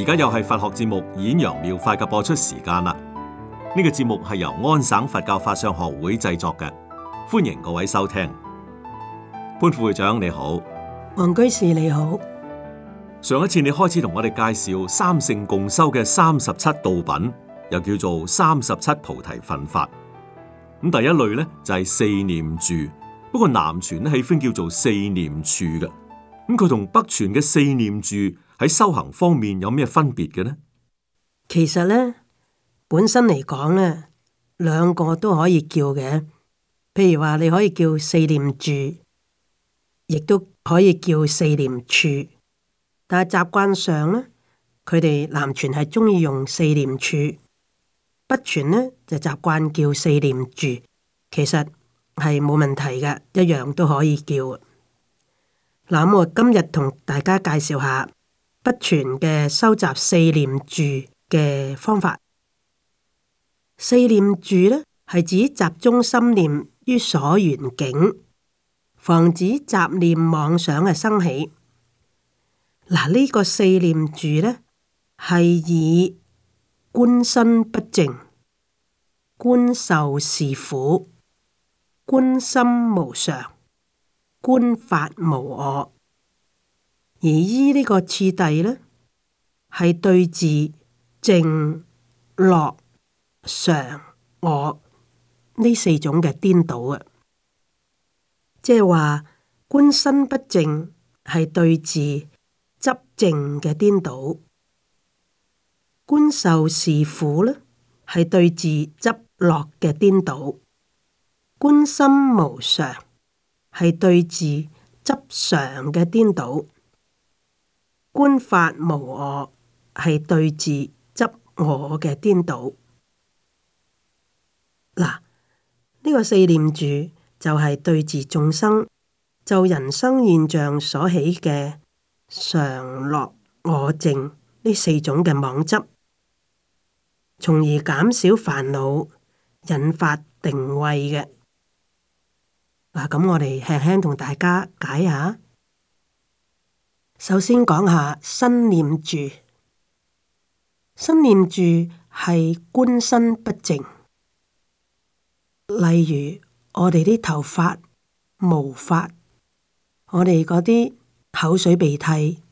而家又係佛學節目演揚妙，妙法嘅播出時間啦！呢、這個節目係由安省佛教法相學會製作嘅，歡迎各位收聽。潘副會長你好，王居士你好。上一次你開始同我哋介紹三性共修嘅三十七道品，又叫做三十七菩提分法。咁第一類咧就係四念住，不過南傳喜歡叫做四念處嘅。咁佢同北傳嘅四念住喺修行方面有咩分別嘅呢？其實呢，本身嚟講呢，兩個都可以叫嘅。譬如話你可以叫四念住，亦都可以叫四念處。但係習慣上呢，佢哋南傳係中意用四念處，北傳呢就習慣叫四念住。其實係冇問題嘅，一樣都可以叫。嗱，我今日同大家介紹下，不全嘅收集四念住嘅方法，四念住呢，係指集中心念於所緣境，防止雜念妄想嘅生起。嗱，呢個四念住呢，係以觀身不淨，觀受是苦，觀心無常，觀法無我。而依呢個次第呢，係對治淨樂常我呢四種嘅顛倒啊。即係話觀身不淨，係對治執淨嘅顛倒；觀受是苦呢，係對治執樂嘅顛倒；觀心無常，係對治執常嘅顛倒。觀法無我，係對治執我嘅顛倒。嗱，呢、這個四念住就係、是、對治眾生就人生現象所起嘅常樂我淨呢四種嘅妄執，從而減少煩惱，引發定慧嘅。嗱，咁我哋輕輕同大家解下。首先講下身念住，身念住係觀身不淨，例如我哋啲頭髮、毛髮，我哋嗰啲口水、鼻涕，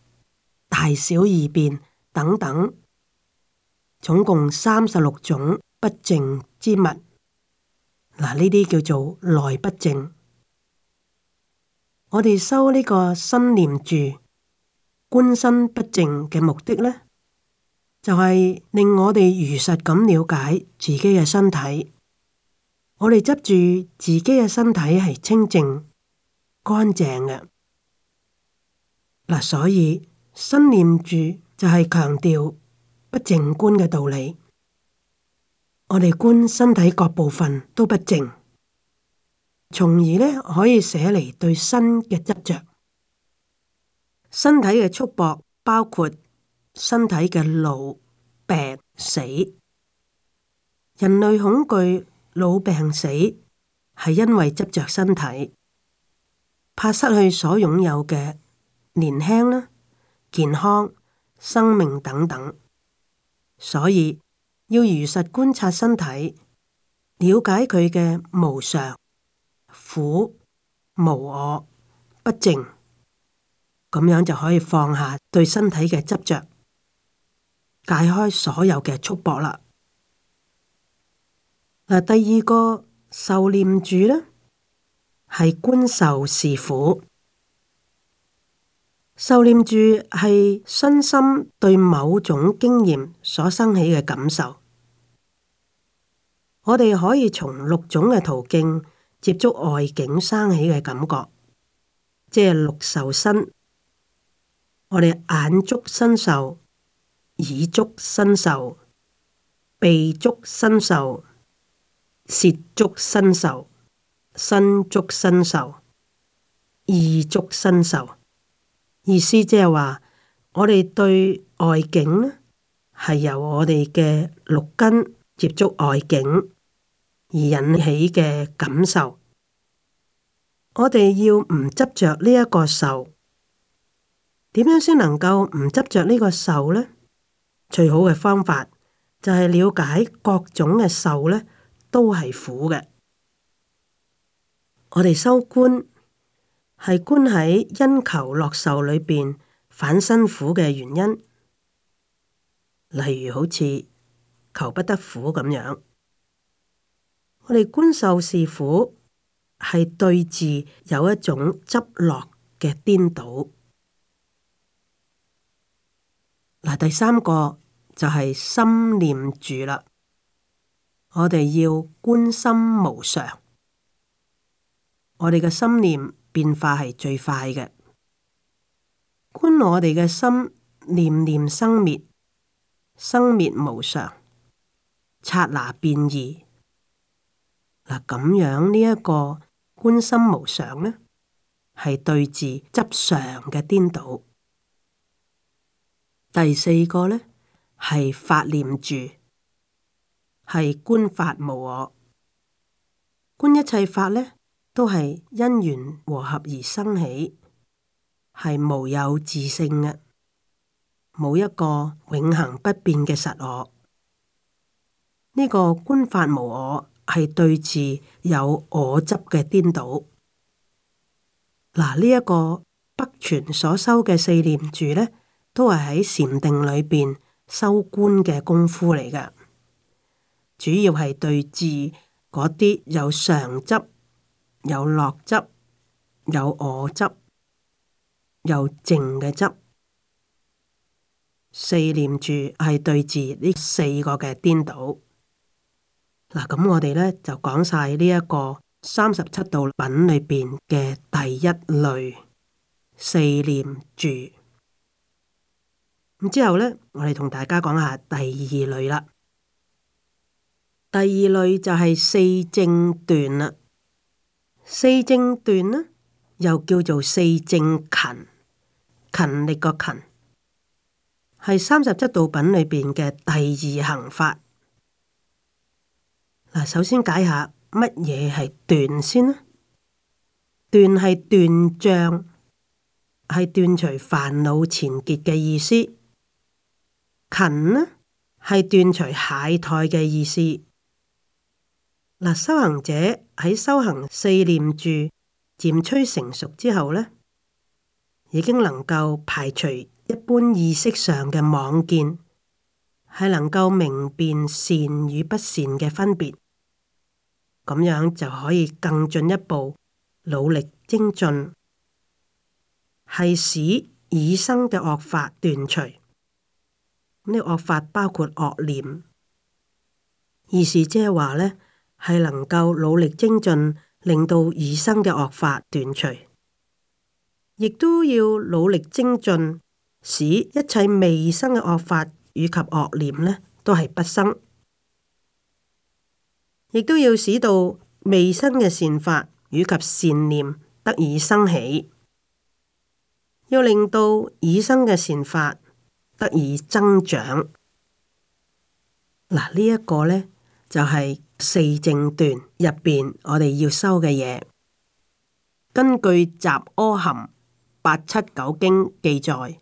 大小二便等等，總共三十六種不淨之物。嗱，呢啲叫做內不淨。我哋修呢個身念住。觀身不淨嘅目的呢，就係、是、令我哋如實咁了解自己嘅身體。我哋執住自己嘅身體係清淨乾淨嘅，嗱、啊，所以身念住就係強調不淨觀嘅道理。我哋觀身體各部分都不淨，從而呢可以捨離對身嘅執着。身體嘅束縛包括身體嘅老、病、死。人類恐懼老、病、死，係因為執着身體，怕失去所擁有嘅年輕啦、健康、生命等等。所以要如實觀察身體，了解佢嘅無常、苦、無我、不淨。咁樣就可以放下對身體嘅執着，解開所有嘅束縛啦。嗱，第二個受念住呢，係觀受是苦。受念住係身心對某種經驗所生起嘅感受。我哋可以從六種嘅途徑接觸外境生起嘅感覺，即係六受身。我哋眼觸身受、耳觸身受、鼻觸身受、舌觸身受、身觸身受、意觸身受，意思即係話，我哋對外境呢，係由我哋嘅六根接觸外境而引起嘅感受。我哋要唔執着呢一個受。點樣先能夠唔執着呢個受呢？最好嘅方法就係了解各種嘅受呢都係苦嘅。我哋修觀，係觀喺因求樂受裏邊反辛苦嘅原因，例如好似求不得苦咁樣。我哋觀受是苦，係對治有一種執樂嘅顛倒。嗱，第三個就係心念住啦。我哋要觀心無常，我哋嘅心念變化係最快嘅。觀我哋嘅心念念生滅，生滅無常，剎那變異。嗱，咁樣呢一個觀心無常呢，係對治執常嘅顛倒。第四個呢，係法念住，係觀法無我。觀一切法呢，都係因緣和合而生起，係無有自性嘅，冇一個永恆不變嘅實我。呢、這個觀法無我係對治有我執嘅顛倒。嗱，呢、這、一個北傳所修嘅四念住呢，都係喺禪定裏邊修觀嘅功夫嚟噶，主要係對治嗰啲有常執、有樂執、有我執、有靜嘅執，四念住係對治呢四個嘅顛倒。嗱，咁我哋呢就講晒呢一個三十七道品裏邊嘅第一類四念住。咁之後呢，我哋同大家講下第二類啦。第二類就係四正斷啦。四正斷呢，又叫做四正勤，勤力個勤，係三十七道品裏邊嘅第二行法。嗱，首先解下乜嘢係斷先呢？斷係斷障，係斷除煩惱纏結嘅意思。勤呢係斷除懈怠嘅意思。嗱，修行者喺修行四念住漸趨成熟之後呢，已經能夠排除一般意識上嘅妄見，係能夠明辨善與不善嘅分別，咁樣就可以更進一步努力精進，係使已生嘅惡法斷除。呢啲惡法包括惡念，而是即係話呢係能夠努力精進，令到已生嘅惡法斷除；亦都要努力精進，使一切未生嘅惡法以及惡念呢都係不生；亦都要使到未生嘅善法以及善念得以生起，要令到已生嘅善法，得以增長。嗱，呢一個呢，就係、是、四正斷入邊，我哋要修嘅嘢。根據《雜阿含》八七九經記載，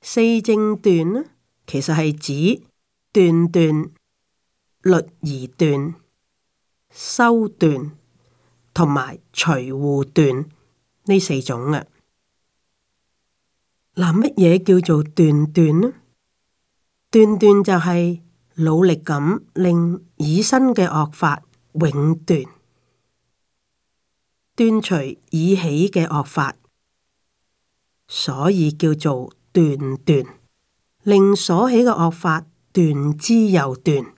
四正斷呢，其實係指斷斷、律而斷、修斷同埋隨護斷呢四種嘅。嗱，乜嘢叫做斷斷呢？斷斷就係努力咁令已生嘅惡法永斷，斷除已起嘅惡法，所以叫做斷斷。令所起嘅惡法斷之又斷，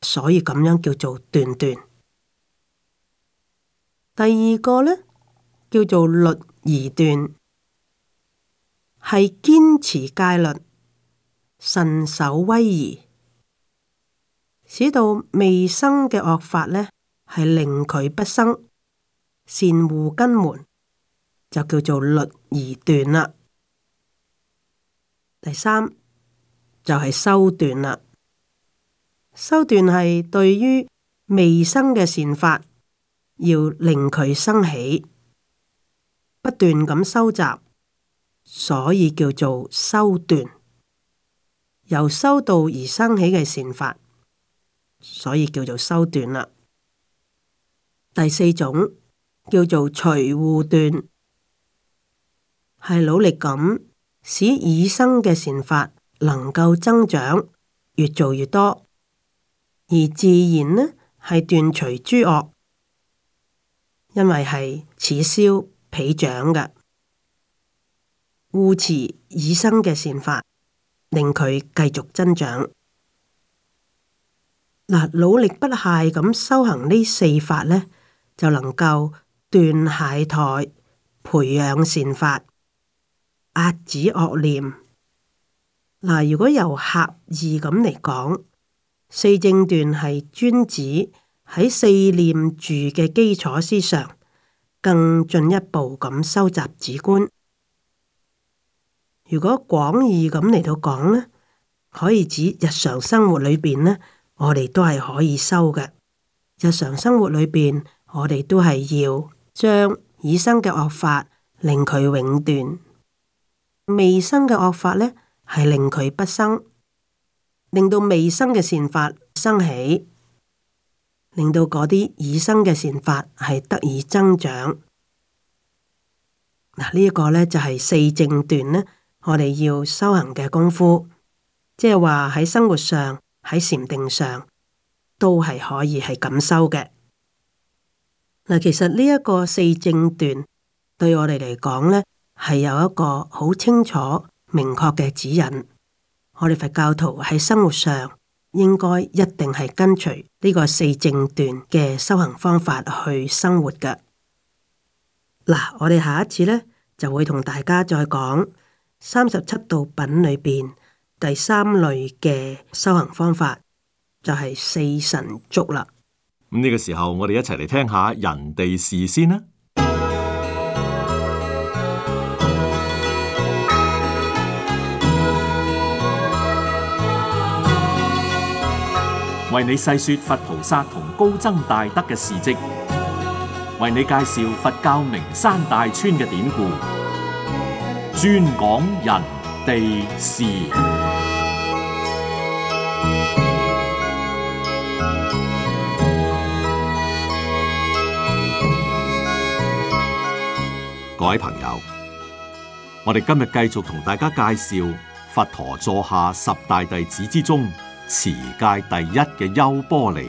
所以咁樣叫做斷斷。第二個呢，叫做律而斷。係堅持戒律，慎守威儀，使到未生嘅惡法呢係令佢不生；善護根門，就叫做律而斷啦。第三就係、是、修斷啦，修斷係對於未生嘅善法，要令佢生起，不斷咁收集。所以叫做修斷，由修道而生起嘅善法，所以叫做修斷啦。第四種叫做隨護斷，係努力咁使已生嘅善法能夠增長，越做越多，而自然呢係斷除諸惡，因為係此消彼長嘅。護持已生嘅善法，令佢繼續增長。嗱，努力不懈咁修行呢四法呢，就能夠斷懈怠，培養善法，壓止惡念。嗱，如果由狹義咁嚟講，四正斷係專指喺四念住嘅基礎之上，更進一步咁修習止觀。如果廣義咁嚟到講呢，可以指日常生活裏邊呢，我哋都係可以修嘅。日常生活裏邊，我哋都係要將已生嘅惡法令佢永斷，未生嘅惡法呢，係令佢不生，令到未生嘅善法生起，令到嗰啲已生嘅善法係得以增長。嗱，呢一個呢，就係四正斷呢。我哋要修行嘅功夫，即係話喺生活上、喺禪定上，都係可以係咁修嘅。嗱，其實呢一個四正斷對我哋嚟講咧，係有一個好清楚、明確嘅指引。我哋佛教徒喺生活上應該一定係跟隨呢個四正斷嘅修行方法去生活嘅。嗱，我哋下一次咧就會同大家再講。三十七道品裏邊第三類嘅修行方法就係四神足啦。咁呢個時候，我哋一齊嚟聽下人哋事先啦。為你細說佛菩薩同高僧大德嘅事跡，為你介紹佛教名山大川嘅典故。專講人地事，各位朋友，我哋今日繼續同大家介紹佛陀座下十大弟子之中，持戒第一嘅優波離。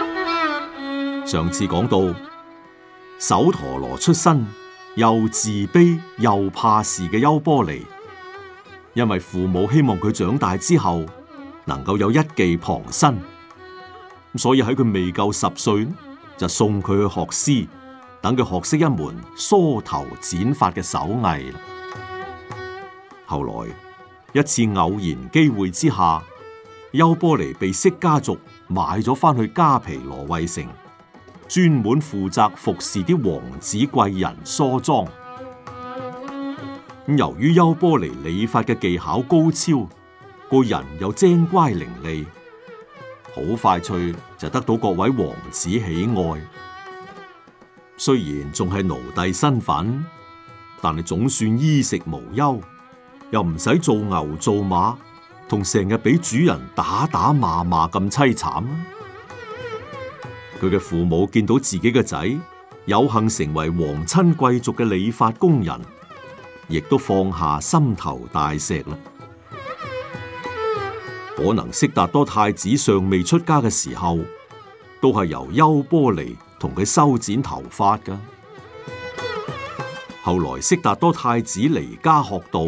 上次講到，首陀羅出身。又自卑又怕事嘅優波離，因為父母希望佢長大之後能夠有一技傍身，所以喺佢未夠十歲就送佢去學師，等佢學識一門梳頭剪髮嘅手藝。後來一次偶然機會之下，優波離被釋家族買咗翻去迦毗羅衛城。專門負責服侍啲王子貴人梳妝。由於優波離理髮嘅技巧高超，個人又精乖伶俐，好快脆就得到各位王子喜愛。雖然仲係奴隸身份，但係總算衣食無憂，又唔使做牛做馬，同成日俾主人打打罵罵咁凄慘。佢嘅父母見到自己嘅仔有幸成為皇親貴族嘅理髮工人，亦都放下心頭大石啦。可能悉達多太子尚未出家嘅時候，都係由優波離同佢修剪頭髮噶。後來悉達多太子離家學道，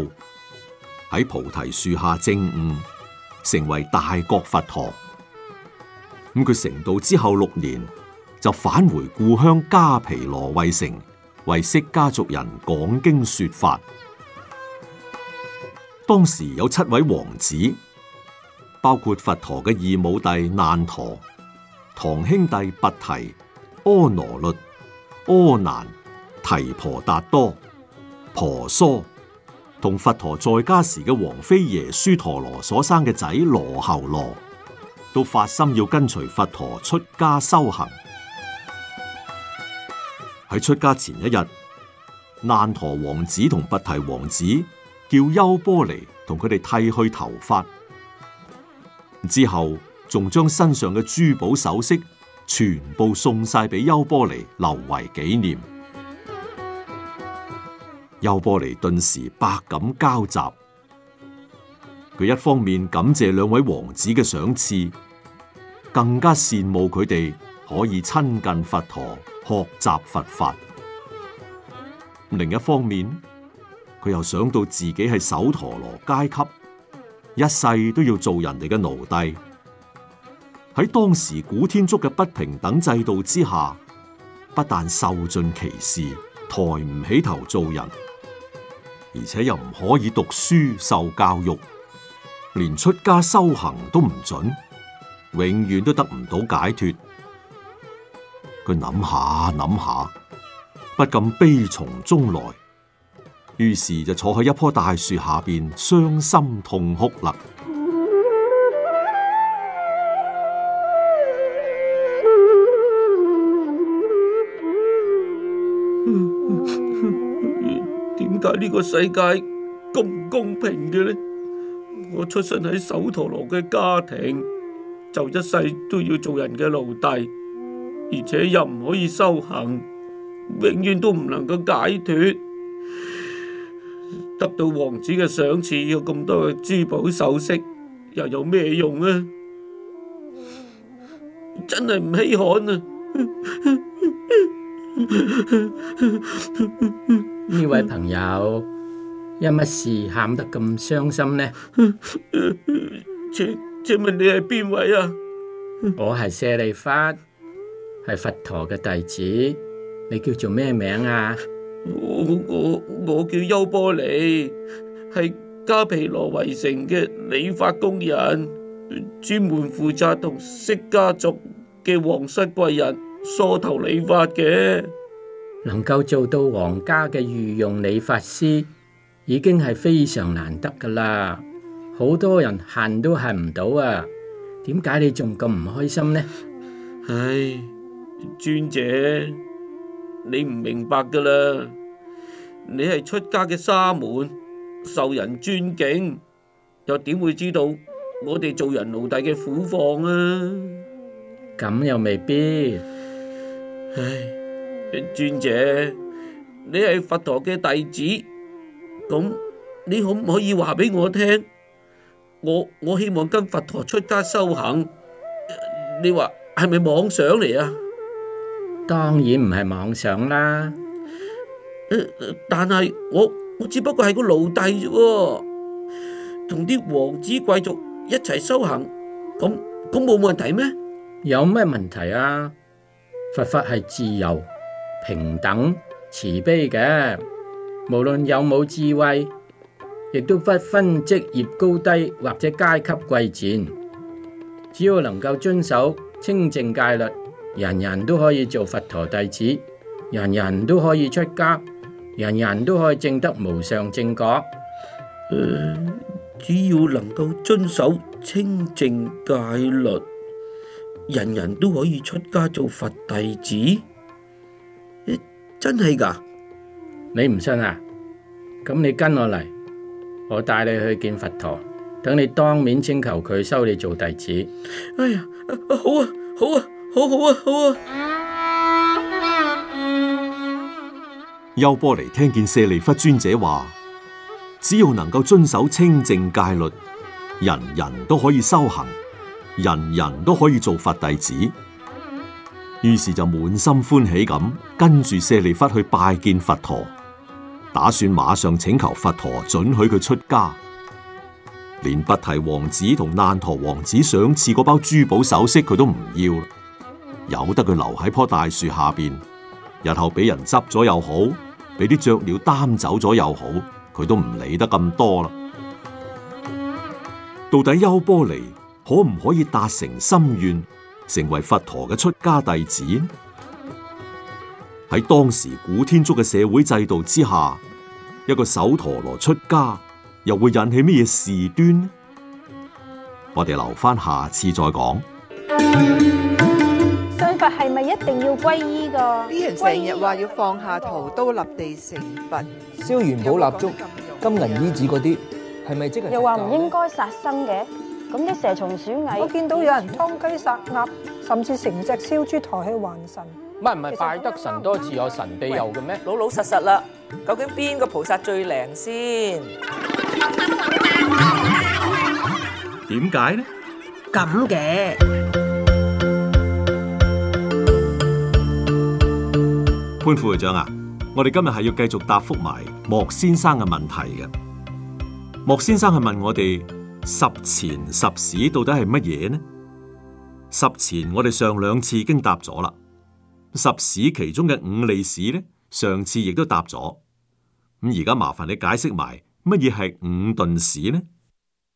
喺菩提樹下證悟，成為大國佛陀。咁佢成道之後六年，就返回故鄉迦毗羅衛城，為釋迦族人講經說法。當時有七位王子，包括佛陀嘅異母弟難陀，堂兄弟拔提、阿那律、阿難、提婆達多、婆娑，同佛陀在家時嘅王妃耶輸陀羅所生嘅仔羅睺羅。都發心要跟隨佛陀出家修行。喺出家前一日，難陀王子同拔提王子叫優波離同佢哋剃去頭髮，之後仲將身上嘅珠寶首飾全部送晒俾優波離，留為紀念。優波離頓時百感交集，佢一方面感謝兩位王子嘅賞賜。更加羨慕佢哋可以親近佛陀、學習佛法。另一方面，佢又想到自己係首陀羅階級，一世都要做人哋嘅奴隸。喺當時古天竺嘅不平等制度之下，不但受盡歧視，抬唔起頭做人，而且又唔可以讀書受教育，連出家修行都唔准。永遠都得唔到解脱，佢諗下諗下，不禁悲從中來，於是就坐喺一棵大樹下邊傷心痛哭啦。點解呢個世界咁唔公平嘅呢？我出生喺首陀羅嘅家庭。就一世都要做人嘅奴隸，而且又唔可以修行，永遠都唔能夠解脫。得到王子嘅賞賜，有咁多嘅珠寶首飾，又有咩用啊？真係唔稀罕啊！呢位朋友，因乜事喊得咁傷心呢？請。請問你係邊位啊？我係舍利法，係佛陀嘅弟子。你叫做咩名啊？我我，我叫優波尼，係加皮羅維城嘅理髮工人，專門負責同釋家族嘅皇室貴人梳頭理髮嘅。能夠做到皇家嘅御用理髮師，已經係非常難得噶啦。好多人行都行唔到啊！點解你仲咁唔開心呢？唉，尊者，你唔明白噶啦。你係出家嘅沙門，受人尊敬，又點會知道我哋做人奴隸嘅苦況啊？咁又未必。唉，尊者，你係佛陀嘅弟子，咁你可唔可以話俾我聽？我我希望跟佛陀出家修行，你話係咪妄想嚟啊？當然唔係妄想啦，但係我我只不過係個奴隸啫，同啲王子貴族一齊修行，咁咁冇問題咩？有咩問題啊？佛法係自由、平等、慈悲嘅，無論有冇智慧，亦都不分職業高低或者階級貴賤，只要能夠遵守清淨戒律，人人都可以做佛陀弟子，人人都可以出家，人人都可以證得無上正果。只要能夠遵守清淨戒律，人人都可以出家做佛弟子。真係噶？你唔信啊？咁你跟我嚟。我帶你去見佛陀，等你當面請求佢收你做弟子。哎呀，好啊！好啊！好好啊！好啊。優波離聽見舍利弗尊者話，只要能夠遵守清淨戒律，人人都可以修行，人人都可以做佛弟子。於是就滿心歡喜咁跟住舍利弗去拜見佛陀。打算馬上請求佛陀准許佢出家，連不提王子同難陀王子賞賜嗰包珠寶首飾佢都唔要啦，由得佢留喺棵大樹下邊，日後俾人執咗又好，俾啲雀鳥擔走咗又好，佢都唔理得咁多啦。到底優波離可唔可以達成心願，成為佛陀嘅出家弟子？喺當時古天竺嘅社會制度之下，一個首陀羅出家，又會引起咩事端呢？我哋留翻下,下次再講。信佛係咪一定要皈依噶？啲人成日話要放下屠刀立地成佛，燒元寶蠟燭、金銀衣紙嗰啲，係咪、啊、即係？又話唔應該殺生嘅，咁啲蛇蟲鼠蟻，我見到有人劏雞殺鴨，甚至成隻燒豬抬去還神。唔係唔係，拜得神多自有神庇佑嘅咩？老老實實啦，究竟邊個菩薩最靈先？點解呢？咁嘅潘副會長啊，我哋今日係要繼續答覆埋莫先生嘅問題嘅。莫先生係問我哋十前十使到底係乜嘢呢？十前我哋上兩次已經答咗啦。十使其中嘅五利使呢，上次亦都答咗。咁而家麻煩你解釋埋乜嘢係五頓使呢？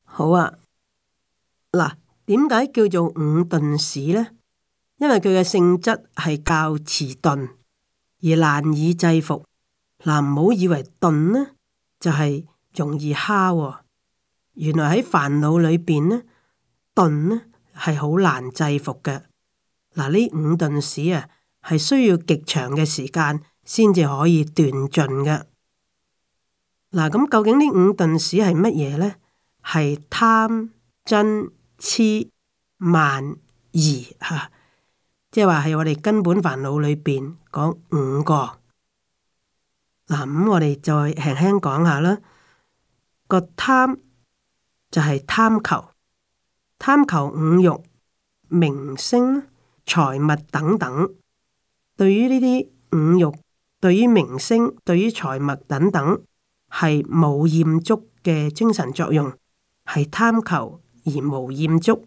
好啊，嗱，點解叫做五頓使呢？因為佢嘅性質係較遲鈍，而難以制服。嗱，唔好以為鈍呢就係容易蝦喎，原來喺煩惱裏邊呢，鈍呢係好難制服嘅。嗱，呢五頓使啊。係需要極長嘅時間先至可以斷盡嘅。嗱、啊，咁究竟呢五鈍使係乜嘢呢？係貪、瞋、痴、慢、疑嚇、啊，即係話係我哋根本煩惱裏邊講五個。嗱、啊，咁我哋再輕輕講下啦。個貪就係貪求，貪求五欲、名聲、財物等等。對於呢啲五欲，對於名聲，對於財物等等，係冇厭足嘅精神作用，係貪求而冇厭足。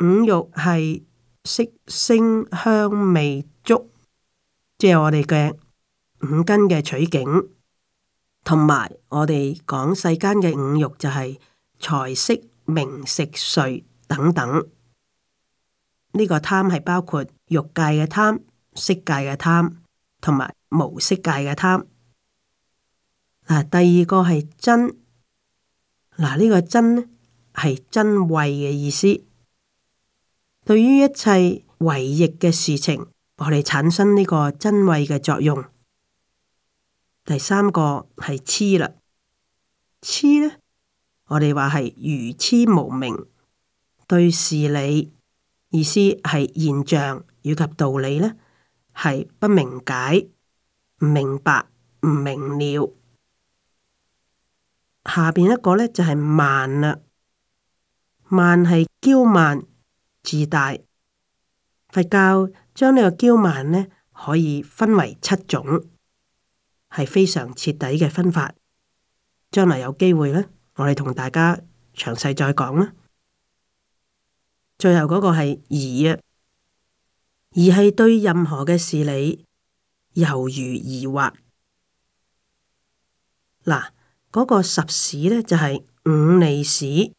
五欲係色、聲、香、味、足，即係我哋嘅五根嘅取景，同埋我哋講世間嘅五欲就係財色名食睡等等。呢個貪係包括欲界嘅貪、色界嘅貪，同埋無色界嘅貪嗱。第二個係瞋嗱，呢、這個瞋係瞋恚嘅意思。對於一切違逆嘅事情，我哋產生呢個瞋恚嘅作用。第三個係痴啦，痴咧，我哋話係愚痴無明對事理。意思係現象以及道理呢，係不明解、唔明白、唔明了。下邊一個呢，就係、是、慢啦，慢係驕慢自大。佛教將呢個驕慢呢，可以分為七種，係非常徹底嘅分法。將來有機會呢，我哋同大家詳細再講啦。最後嗰個係疑啊，疑係對任何嘅事理猶如疑惑。嗱，嗰、那個十使呢，就係、是、五利使，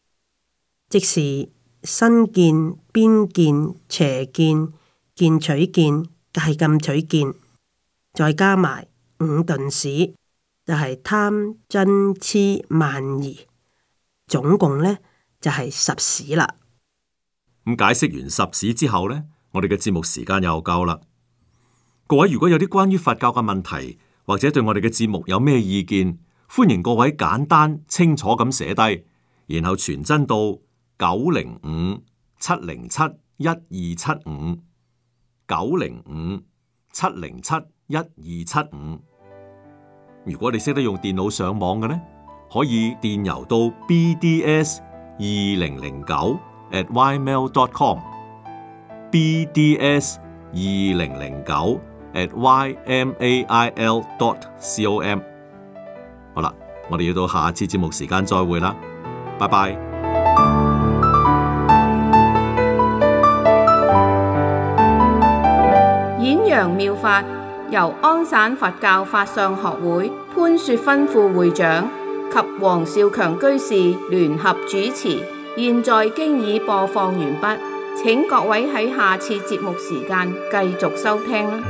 即是身見、邊見、邪見、見取見、戒禁取見，再加埋五鈍使，就係、是、貪、嗔、痴、慢、疑，總共呢，就係、是、十使啦。咁解釋完十使之後呢，我哋嘅節目時間又夠啦。各位如果有啲關於佛教嘅問題，或者對我哋嘅節目有咩意見，歡迎各位簡單清楚咁寫低，然後傳真到九零五七零七一二七五，九零五七零七一二七五。如果你識得用電腦上網嘅呢，可以電郵到 bds 二零零九。at ymail dot com bds 二零零九 at ymail dot com。好啦，我哋要到下一次節目時間再會啦，拜拜。演揚妙法由安省佛教法相學會潘雪芬副會長及黃少強居士聯合主持。現在經已播放完畢，請各位喺下次節目時間繼續收聽。